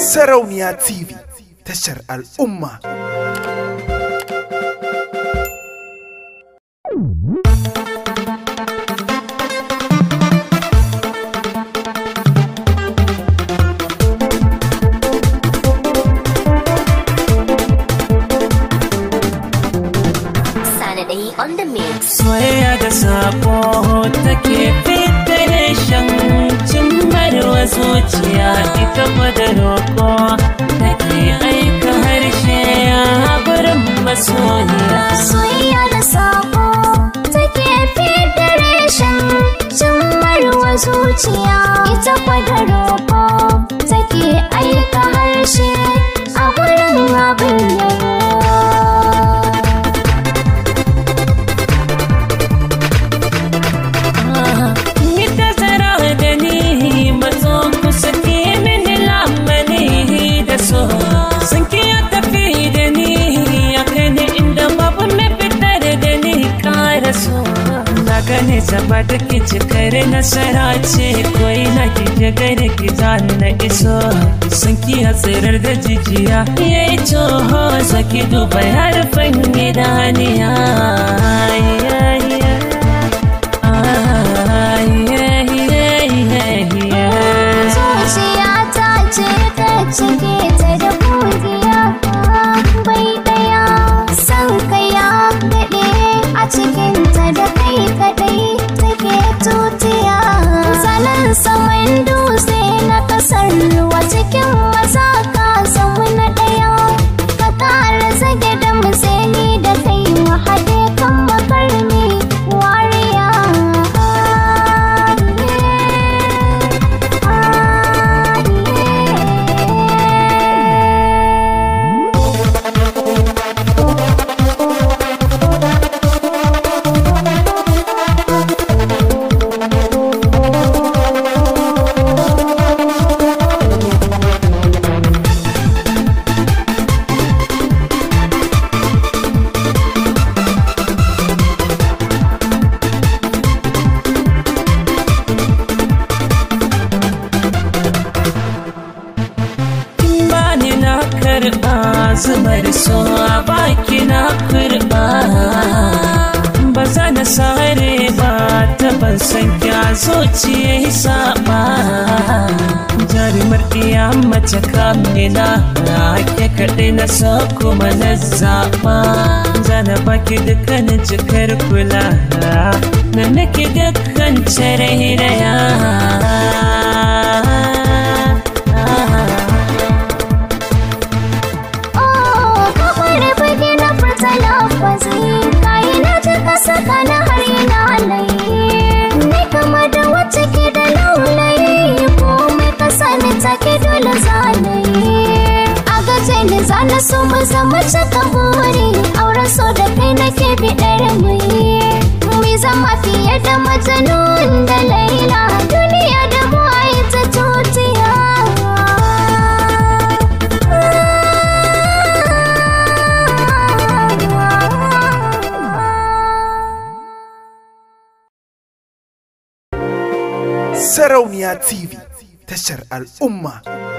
Sarauniya TV tashar al'umma. Soyayya da sabo take fitar da shan cin baro zuciya ita da ke aika harshe a barin masoyiya soyayya da sako take federation cin wa zuciya ita da ko. गने जबाद किच करे न सराचे कोई न किच करे की न किसो संकी हसरर द जिजिया ये जो हो सके दुबई हर पंगे दानिया आई आई karba zubar so a baki na kurɓa ba za na sare ba taban san kya zuciya saba jarumar ɗiya mace na ake kaɗai na so kuma na zaɓa zana baki dukkanin cikar kula na nake dukkan cire hiraya da su mace zama cika auren so da kai nake biɗar mu yi mu zama fiye da majanun da laila duniya da mu ta tutiya Sarauniya TV tashar al'umma.